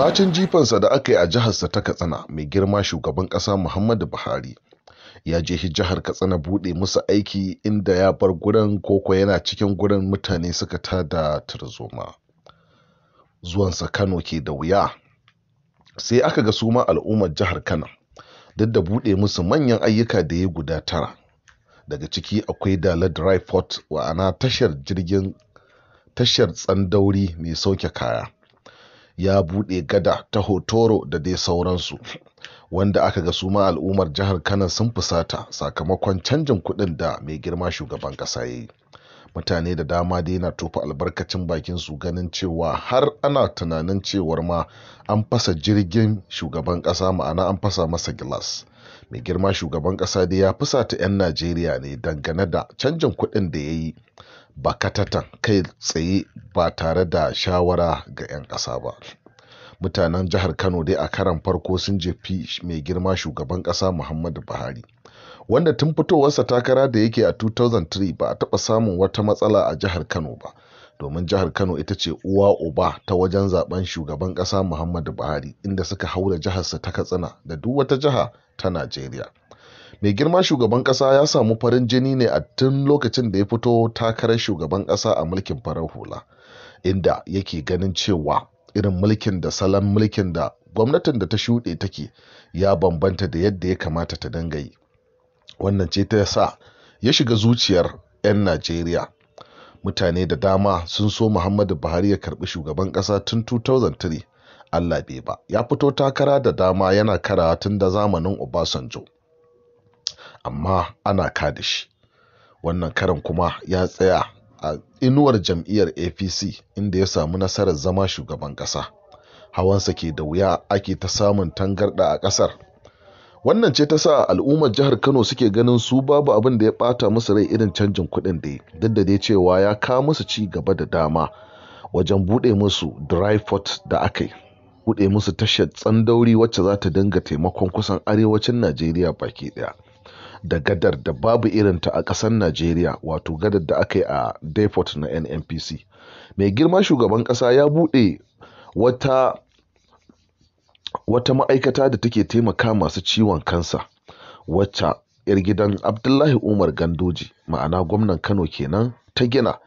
Bacin jifansa da aka yi a jiharsa ta Katsina mai girma shugaban ƙasa Muhammadu Buhari ya je jihar Katsina buɗe musu aiki inda ya bar gurin koko yana cikin gurin mutane suka tada tarzoma. Zuwansa Kano ke da wuya. Sai aka ga suma al'ummar jihar Kano duk da buɗe musu manyan ayyuka da ya guda tara. Daga ciki akwai da Dry Port wa'ana tashar jirgin tashar tsandauri mai sauke kaya. ya buɗe gada ta hotoro da dai sauransu wanda aka ga suma al'ummar jihar kano sun fusata sakamakon canjin kuɗin da mai girma shugaban ƙasa ya yi mutane da dama dai na tofa albarkacin bakin su ganin cewa har ana tunanin cewar ma an fasa jirgin shugaban ƙasa ma'ana an fasa masa gilas mai girma shugaban ƙasa dai ya fusata 'yan najeriya ne dangane da canjin kuɗin da ya yi bakatatan kai tsaye ba tare da shawara ga 'yan ƙasa ba. Mutanen jihar Kano dai a karan farko sun jefi mai girma shugaban ƙasa Muhammadu Buhari. Wanda tun fitowarsa takara da yake a 2003 ba a taɓa samun wata matsala a jihar Kano ba, domin jihar Kano ita ce uwa uba ta wajen zaben shugaban ƙasa Muhammadu Buhari inda suka haura jiharsa ta Katsina da duk wata jiha ta Najeriya. mai girma shugaban ƙasa ya samu farin jini ne a tun lokacin da ya fito takarar shugaban ƙasa a mulkin farar hula inda yake ganin cewa irin mulkin da salon mulkin da gwamnatin da ta shuɗe take ya bambanta da yadda ya kamata ta dinga wannan ce ta sa ya shiga zuciyar 'yan najeriya mutane da dama sun so muhammadu buhari ya karbi shugaban ƙasa tun 2003 allah bai ba ya fito takara da dama yana kara tun da zamanin obasanjo amma ana kada shi. Wannan karin kuma ya tsaya a inuwar jam'iyyar APC inda ya samu nasarar zama shugaban ƙasa. Hawansa ke da wuya ake ta samun tangarɗa a ƙasar. Wannan ce ta sa al'ummar jihar Kano suke ganin su babu abin da ya ɓata musu rai irin canjin kuɗin da duk da dai cewa ya kawo musu ci gaba da dama wajen buɗe musu dry port da aka yi. buɗe musu tashar tsandauri wacce za ta dinga taimakon kusan arewacin Najeriya baki ɗaya. da gadar da babu irinta a ƙasar Najeriya wato gadar da aka yi a depot na NNPC. Mai girma shugaban ƙasa ya buɗe wata wata ma'aikata da take taimaka masu ciwon kansa wacce 'yar gidan Abdullahi Umar Gandoji ma'ana gwamnan Kano kenan ta gina.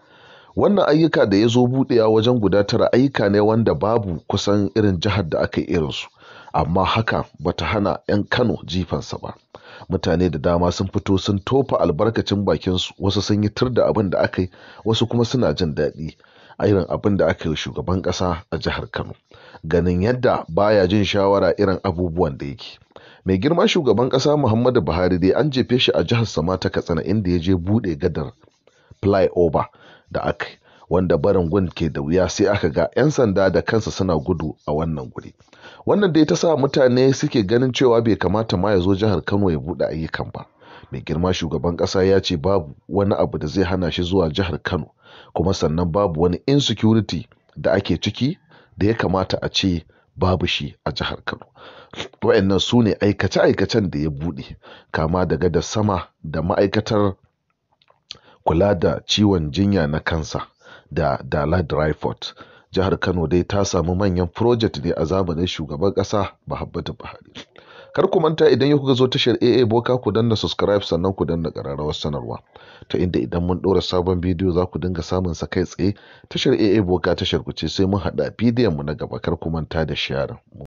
Wannan ayyuka da ya zo buɗewa wajen gudatar ayyuka ne wanda babu kusan irin jihar da aka yi irinsu, amma haka bata hana 'yan Kano jifansa ba. mutane da dama sun fito sun tofa albarkacin bakinsu wasu sun yi tur da abin da aka yi wasu kuma suna jin daɗi a irin abin da aka yi shugaban ƙasa a jihar kano ganin yadda baya jin shawara irin abubuwan da yake mai girma shugaban ƙasa muhammadu buhari dai an jefe shi a jihar sama ta katsina inda ya je buɗe gadar flyover da aka yi wanda barin gun ke da wuya sai aka ga 'yan sanda da kansa suna gudu a wannan guri wannan dai ta sa mutane suke ganin cewa bai kamata ma ya zo jihar kano ya buɗe ayyukan ba mai girma shugaban ƙasa ya ce babu wani abu da zai hana shi zuwa jihar kano kuma sannan babu wani insecurity da ake ciki da ya kamata a ce babu shi a jihar kano wa'annan su ne aikace-aikacen da ya buɗe kama daga da sama da ma'aikatar kula da ciwon jinya na kansa da Dala Drive Jihar Kano dai ta samu manyan project ne a zamanin shugaban ƙasa Muhammadu Buhari. Kar ku manta idan ya kuka zo tashar AA Boka ku danna subscribe sannan ku danna ƙararrawar sanarwa. Ta inda idan mun ɗora sabon bidiyo za ku dinga samun sa kai tsaye tashar AA Boka tashar ku ce sai mun haɗa bidiyon mu na gaba kar ku manta da sharing.